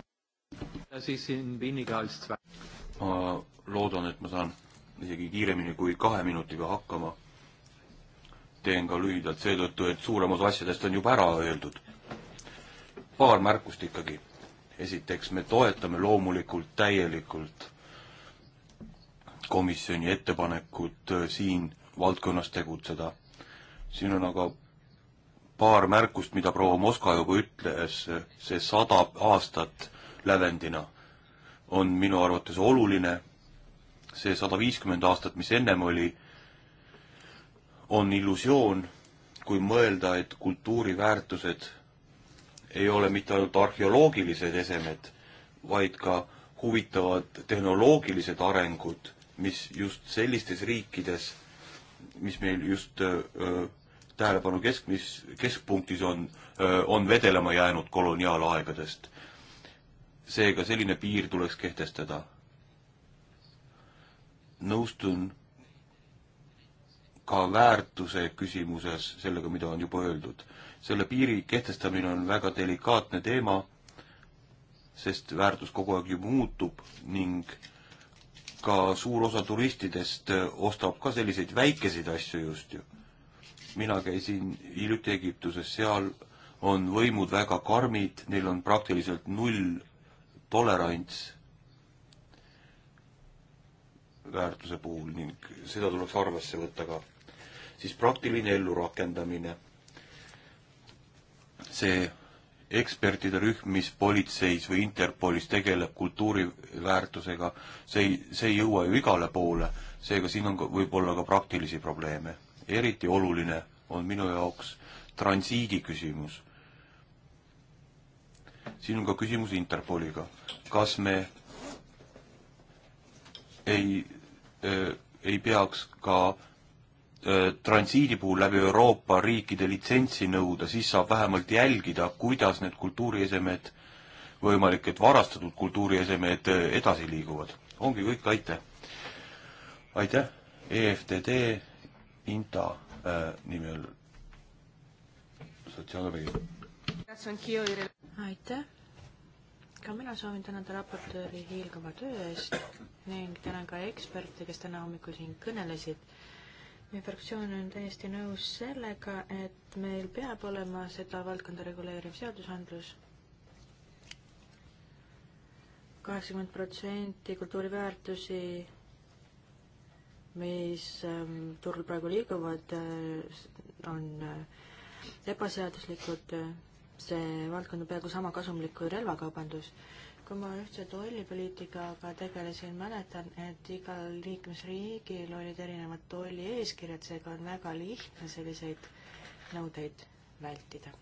C: ma loodan, kiiremini kui kahe minutiga hakkama. teen ka lühidalt seetõttu, et suurem osa asjadest on juba ära öeldud. paar märkust ikkagi. esiteks, me toetame loomulikult täielikult komisjoni ettepanekut äh, siin valdkonnas tegutseda. siin on aga paar märkust, mida proua Moska juba ütles, äh, see sada aastat lävendina on minu arvates oluline see sada viiskümmend aastat, mis ennem oli, on illusioon, kui mõelda, et kultuuriväärtused ei ole mitte ainult arheoloogilised esemed, vaid ka huvitavad tehnoloogilised arengud, mis just sellistes riikides, mis meil just öö, tähelepanu keskmis, keskpunktis on, on vedelema jäänud koloniaalaegadest. seega selline piir tuleks kehtestada nõustun ka väärtuse küsimuses sellega, mida on juba öeldud. selle piiri kehtestamine on väga delikaatne teema, sest väärtus kogu aeg ju muutub ning ka suur osa turistidest ostab ka selliseid väikeseid asju just ju. mina käisin hiljuti Egiptuses, seal on võimud väga karmid, neil on praktiliselt null tolerants väärtuse puhul ning seda tuleks arvesse võtta ka. siis praktiline ellurakendamine. see ekspertide rühm, mis politseis või Interpolis tegeleb kultuuriväärtusega, see ei, see ei jõua ju igale poole, seega siin on, võib olla ka praktilisi probleeme. eriti oluline on minu jaoks transiidi küsimus. siin on ka küsimus Interpoliga. kas me ei ei peaks ka transiidi puhul läbi Euroopa riikide litsentsi nõuda, siis saab vähemalt jälgida, kuidas need kultuuriesemed, võimalik, et varastatud kultuuriesemed edasi liiguvad. ongi kõik, aitäh! aitäh, EFTD INTA äh, nimel sotsiaalmeedia.
A: aitäh! ka mina soovin tänada raportööri hiilgava töö eest ning tänan ka eksperte, kes täna hommikul siin kõnelesid. meie fraktsioon on täiesti nõus sellega, et meil peab olema seda valdkonda reguleeriv seadusandlus. kaheksakümmend protsenti kultuuriväärtusi, mis ähm, turul praegu liiguvad, äh, on äh, ebaseaduslikud äh, see valdkond on peaaegu sama kasumlik kui relvakaubandus. kui ma ühtse tollipoliitikaga tegelesin, mäletan, et igal liikmesriigil olid erinevad tollieeskirjad, seega on väga lihtne selliseid nõudeid vältida.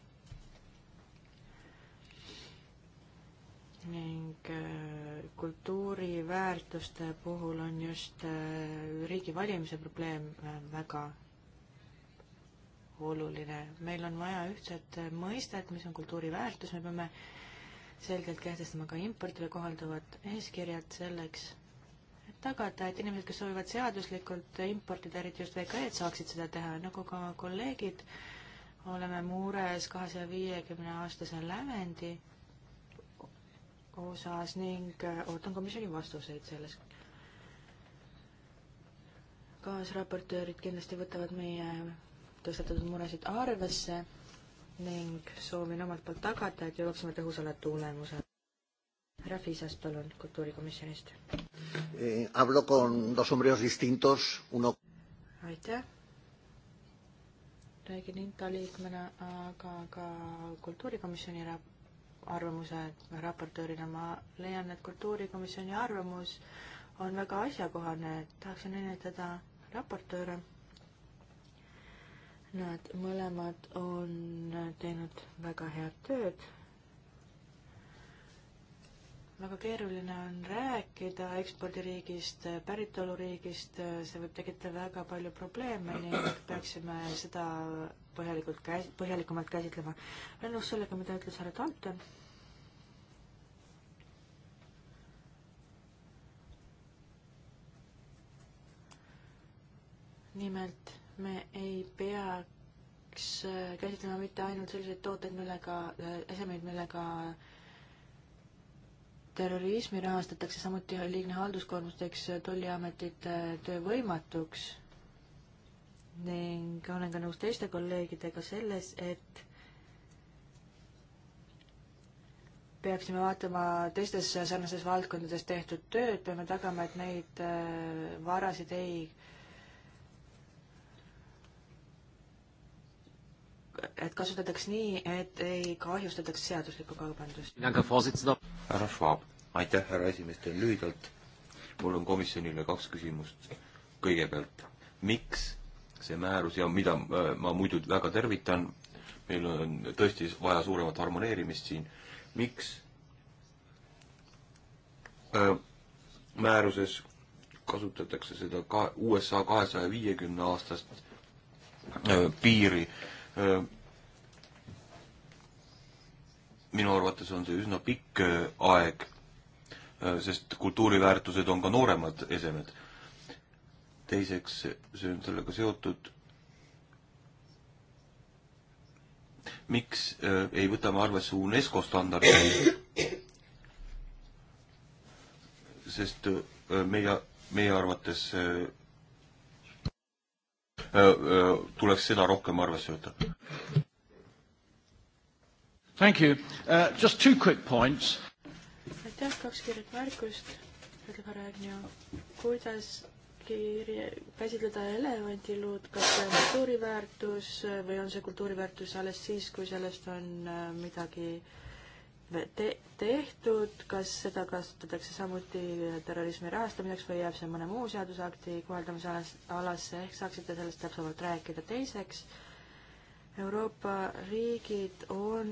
A: ning äh, kultuuriväärtuste puhul on just äh, riigi valimise probleem äh, väga oluline. meil on vaja ühtset mõistet, mis on kultuuriväärtus, me peame selgelt kehtestama ka impordile kohalduvad eeskirjad selleks, et tagada, et inimesed, kes soovivad seaduslikult importida, eriti just VKE-d, saaksid seda teha, nagu ka kolleegid, oleme mures kahesaja viiekümne aastase lävendi osas ning ootan komisjoni vastuseid selles kaasraportöörid kindlasti võtavad meie tõstatatud muresid arvesse ning soovin omalt poolt tagada, et jõuaksime tõhusale tulemusele. Rafi Isas, palun, kultuurikomisjonist
C: eh,. Hablo con dos sombreros distintos, uno.
A: aitäh. räägin INTA liikmena, aga ka kultuurikomisjoni rap-, arvamuse raportöörina ma leian, et kultuurikomisjoni arvamus on väga asjakohane, tahaksin õnnitleda raportööre Nad mõlemad on teinud väga head tööd. väga keeruline on rääkida ekspordiriigist, päritoluriigist, see võib tekitada väga palju probleeme ning peaksime seda põhjalikult käs-, põhjalikumalt käsitlema. olen nõus sellega, mida ütles härra Dalton nimelt me ei peaks äh, käsitlema mitte ainult selliseid tooteid, millega, äh, esemeid, millega terrorismi rahastatakse, samuti liigne halduskoormus teeks tolliametite töö võimatuks ning olen ka nõus teiste kolleegidega selles, et peaksime vaatama teistes sarnases valdkondades tehtud tööd, peame tagama, et neid äh, varasid ei äh, et kasutataks nii, et ei kahjustataks seaduslikku kaubandust.
C: härra Schwab. aitäh, härra esimees, teen lühidalt. mul on komisjonile kaks küsimust. kõigepealt, miks see määrus ja mida äh, ma muidu väga tervitan, meil on tõesti vaja suuremat harmoneerimist siin, miks öö, äh, määruses kasutatakse seda ka USA kahesaja viiekümne aastast öö, äh, piiri öö, minu arvates on see üsna pikk äh, aeg, äh, sest kultuuriväärtused on ka nooremad esemed. teiseks, see on sellega seotud, miks äh, ei võta me arvesse UNESCO standardeid? sest meie, meie arvates tuleks seda rohkem arvesse võtta. Thank you uh,. Just two quick points.
A: aitäh, kaks kiiret märkust, ütleb härra Agnew. kuidas kirje, käsitleda elevandiluud, kas see on kultuuriväärtus või on see kultuuriväärtus alles siis, kui sellest on äh, midagi te tehtud, kas seda kasutatakse samuti äh, terrorismi rahastamiseks või jääb see mõne muu seadusakti kohaldamise alas, alasse, ehk saaksite sellest täpsemalt rääkida. teiseks äh, Euroopa riigid on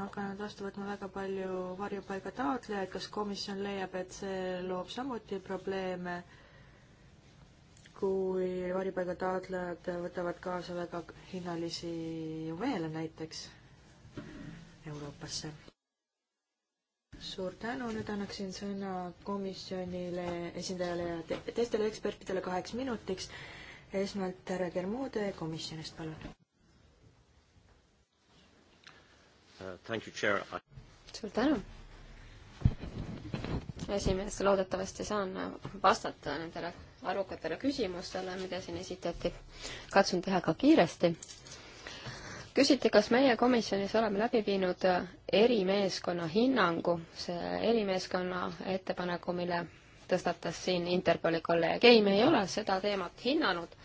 A: hakanud vastu võtma väga palju varjupaiga taotlejaid, kas komisjon leiab, et see loob samuti probleeme, kui varjupaiga taotlejad võtavad kaasa väga hinnalisi juveele näiteks Euroopasse? suur tänu, nüüd annaksin sõna komisjonile, esindajale ja te teistele ekspertidele kaheks minutiks. esmalt härra Germude komisjonist,
B: palun suur tänu! esimees, loodetavasti saan vastata nendele arvukatele küsimustele, mida siin esitati. katsun teha ka kiiresti. küsiti, kas meie komisjonis oleme läbi viinud erimeeskonna hinnangu, see erimeeskonna ettepaneku, mille tõstatas siin Interpoli kolleeg. ei, me ei ole seda teemat hinnanud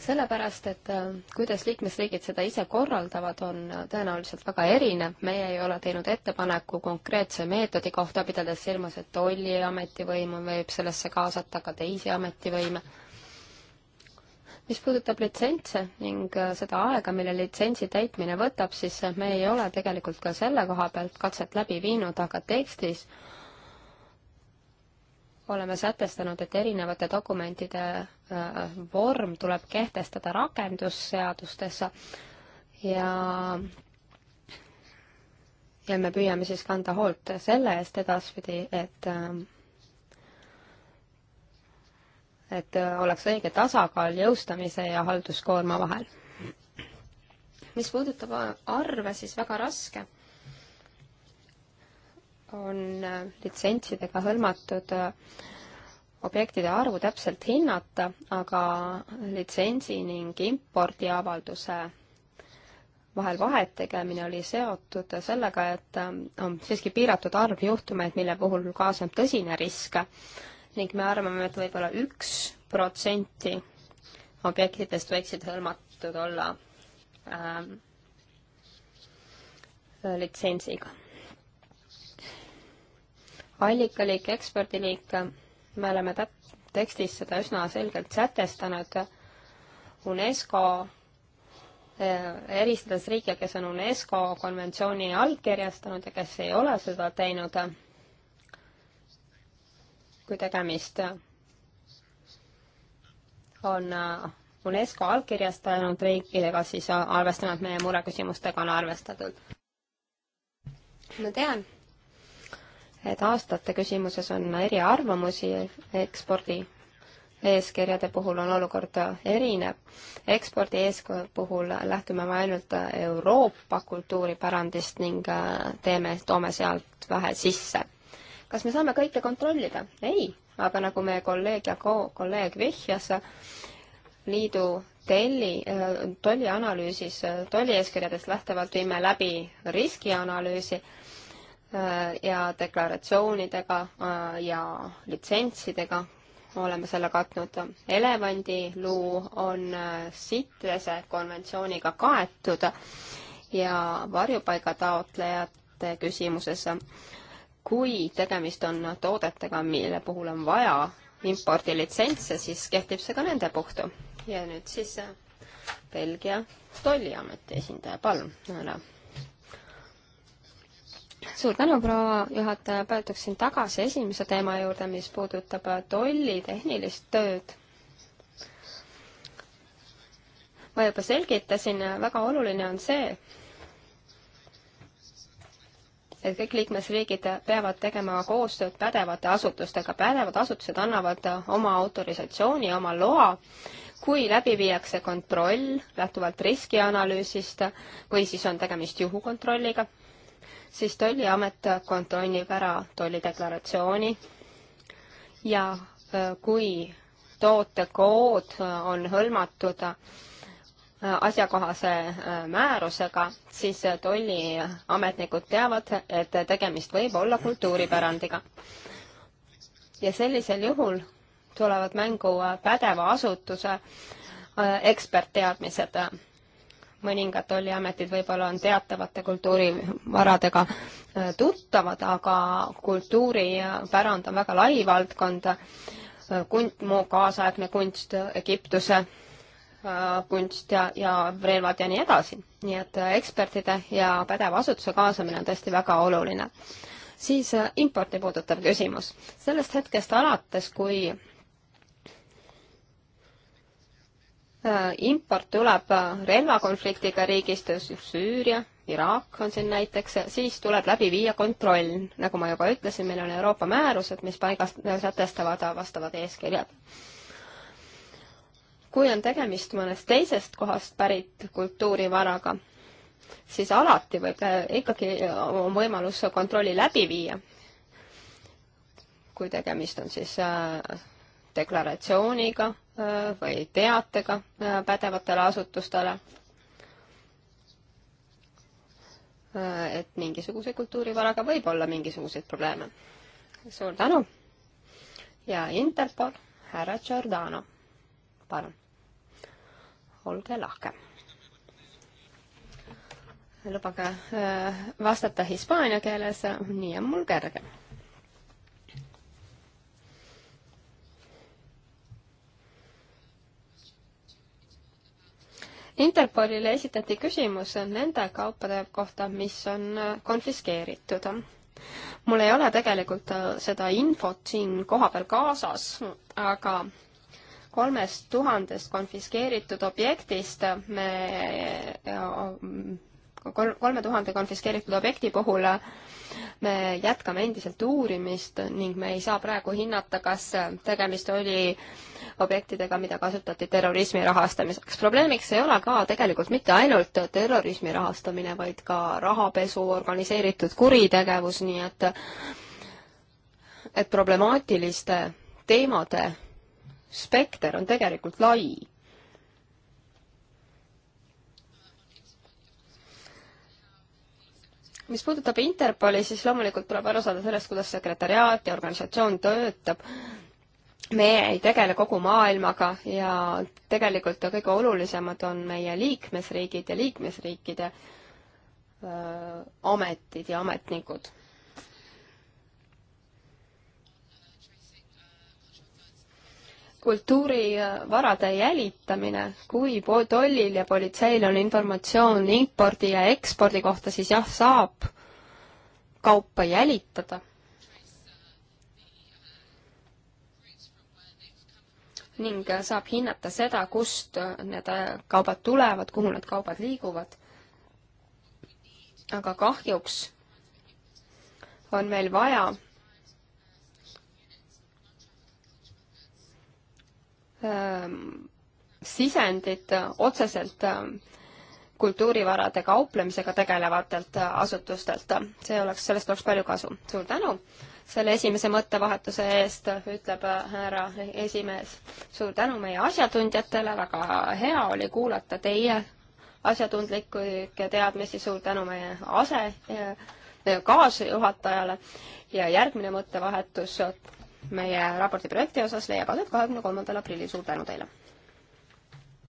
B: sellepärast, et äh, kuidas liikmesriigid seda ise korraldavad, on äh, tõenäoliselt väga erinev, meie ei ole teinud ettepaneku konkreetse meetodi kohta, pidades silmas, et tolliameti võim võib sellesse kaasata ka teisi ametivõime. mis puudutab litsentse ning äh, seda aega, mille litsentsi täitmine võtab, siis me ei ole tegelikult ka selle koha pealt katset läbi viinud, aga tekstis oleme sätestanud, et erinevate dokumentide vorm tuleb kehtestada rakendusseadustes ja ja me püüame siis kanda hoolt selle eest edaspidi, et et oleks õige tasakaal jõustamise ja halduskoorma vahel. mis puudutab arve, siis väga raske on litsentsidega hõlmatud äh, objektide arvu täpselt hinnata, aga litsentsi ning impordiavalduse vahel vahet tegemine oli seotud sellega, et ähm, on siiski piiratud arv juhtumeid, mille puhul kaasneb tõsine risk ning me arvame, et võib-olla üks protsenti objektidest võiksid hõlmatud olla ähm, litsentsiga. allikaliik, ekspordiliik me oleme tät-, tekstis seda üsna selgelt sätestanud, UNESCO eh, eristades riike, kes on UNESCO konventsiooni allkirjastanud ja kes ei ole seda teinud, kui tegemist on UNESCO allkirjastanud riikidega, siis arvestame, et meie mureküsimustega on arvestatud. ma tean, et aastate küsimuses on eriarvamusi ekspordi eeskirjade puhul on olukord erinev. ekspordi eeskirja puhul lähtume me ainult Euroopa kultuuripärandist ning äh, teeme, toome sealt vähe sisse. kas me saame kõike kontrollida? ei, aga nagu meie kolleeg ja ko-, kolleeg vihjas, liidu telli, äh, tollianalüüsis, äh, tollieeskirjadest lähtuvalt viime läbi riskianalüüsi Äh, ja deklaratsioonidega äh, ja litsentsidega oleme selle katnud. elevandiluu on äh, sitrese konventsiooniga kaetud ja varjupaigataotlejate küsimuses, kui tegemist on toodetega, mille puhul on vaja impordilitsentse, siis kehtib see ka nende puhtu. ja nüüd siis Belgia tolliameti esindaja, palun, härra suur tänu, proua juhataja, pöörduksin tagasi esimese teema juurde, mis puudutab tolli tehnilist tööd. ma juba selgitasin, väga oluline on see, et kõik liikmesriigid peavad tegema koostööd pädevate asutustega. pädevad asutused annavad oma autorisatsiooni, oma loa, kui läbi viiakse kontroll lähtuvalt riskianalüüsist või siis on tegemist juhukontrolliga siis tolliamet kontrollib ära tollideklaratsiooni ja äh, kui tootekood äh, on hõlmatud äh, asjakohase määrusega, siis tolliametnikud teavad, et tegemist võib olla kultuuripärandiga. ja sellisel juhul tulevad mängu pädeva asutuse ekspertteadmised mõningad tolliametid võib-olla on teatavate kultuurivaradega äh, tuttavad, aga kultuuripärand on väga lai valdkond, äh, kunt, muu kaasaegne kunst, Egiptuse äh, kunst ja, ja relvad ja nii edasi. nii et ekspertide ja pädeva asutuse kaasamine on tõesti väga oluline. siis importi puudutav küsimus. sellest hetkest alates, kui Äh, import tuleb äh, relvakonfliktiga riigist, Süüria, Iraak on siin näiteks, siis tuleb läbi viia kontroll. nagu ma juba ütlesin, meil on Euroopa määrused, mis paigast, sätestavad äh, vastavad eeskirjad. kui on tegemist mõnest teisest kohast pärit kultuurivaraga, siis alati võib, ikkagi on võimalus kontrolli läbi viia. kui tegemist on siis äh, deklaratsiooniga äh, või teatega äh, pädevatele asutustele, äh, et mingisuguse kultuurivaraga võib olla mingisuguseid probleeme. suur tänu ja Interpol, härra Giordano, palun, olge lahke. lubage vastata hispaania keeles, nii on mul kergem Interpolile esitati küsimus nende kaupade kohta, mis on äh, konfiskeeritud. mul ei ole tegelikult äh, seda infot siin kohapeal kaasas, aga kolmest tuhandest konfiskeeritud objektist me äh, kolme tuhande konfiskeeritud objekti puhul me jätkame endiselt uurimist ning me ei saa praegu hinnata, kas tegemist oli objektidega, mida kasutati terrorismi rahastamiseks. probleemiks ei ole ka tegelikult mitte ainult terrorismi rahastamine, vaid ka rahapesu, organiseeritud kuritegevus, nii et et problemaatiliste teemade spekter on tegelikult lai mis puudutab Interpoli, siis loomulikult tuleb aru saada sellest, kuidas sekretäriaat ja organisatsioon töötab. meie ei tegele kogu maailmaga ja tegelikult kõige olulisemad on meie liikmesriigid ja liikmesriikide öö, ametid ja ametnikud kultuurivarade jälitamine, kui tollil ja politseil on informatsioon impordi ja ekspordi kohta, siis jah, saab kaupa jälitada. ning saab hinnata seda, kust need kaubad tulevad, kuhu need kaubad liiguvad. aga kahjuks on meil vaja Ähm, sisendit äh, otseselt äh, kultuurivarade kauplemisega tegelevatelt äh, asutustelt. see oleks, sellest oleks palju kasu. suur tänu selle esimese mõttevahetuse eest, ütleb härra esimees. suur tänu meie asjatundjatele, väga hea oli kuulata teie asjatundlikke teadmisi, suur tänu meie ase, kaasjuhatajale ja järgmine mõttevahetus meie raporti projekti osas leiab aset kahekümne kolmandal aprillil. suur tänu teile!